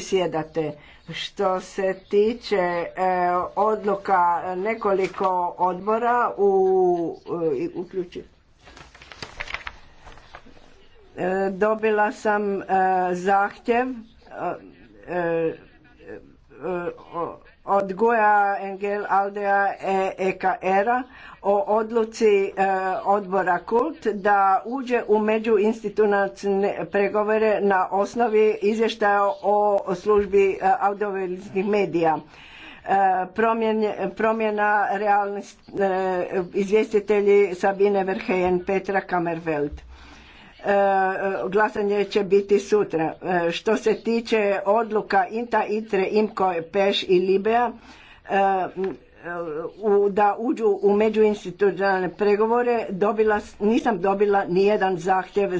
sjedate. Što se tiče e, odluka nekoliko odbora u e, e, Dobila sam zahtjev od Goja, Engel, Aldea, EKR-a e o odluci e, odbora KULT da uđe u međuinstitucionalne pregovore na osnovi izvještaja o službi e, audiovizualnih medija. promjena realni izvjestitelji Sabine Verheyen, Petra Kamerveld. E, glasanje će biti sutra. E, što se tiče odluka INTA, ITRE, IMKO, PEŠ i LIBEA, e, da uđu u međuinstitucionalne pregovore, dobila, nisam dobila nijedan zahtjev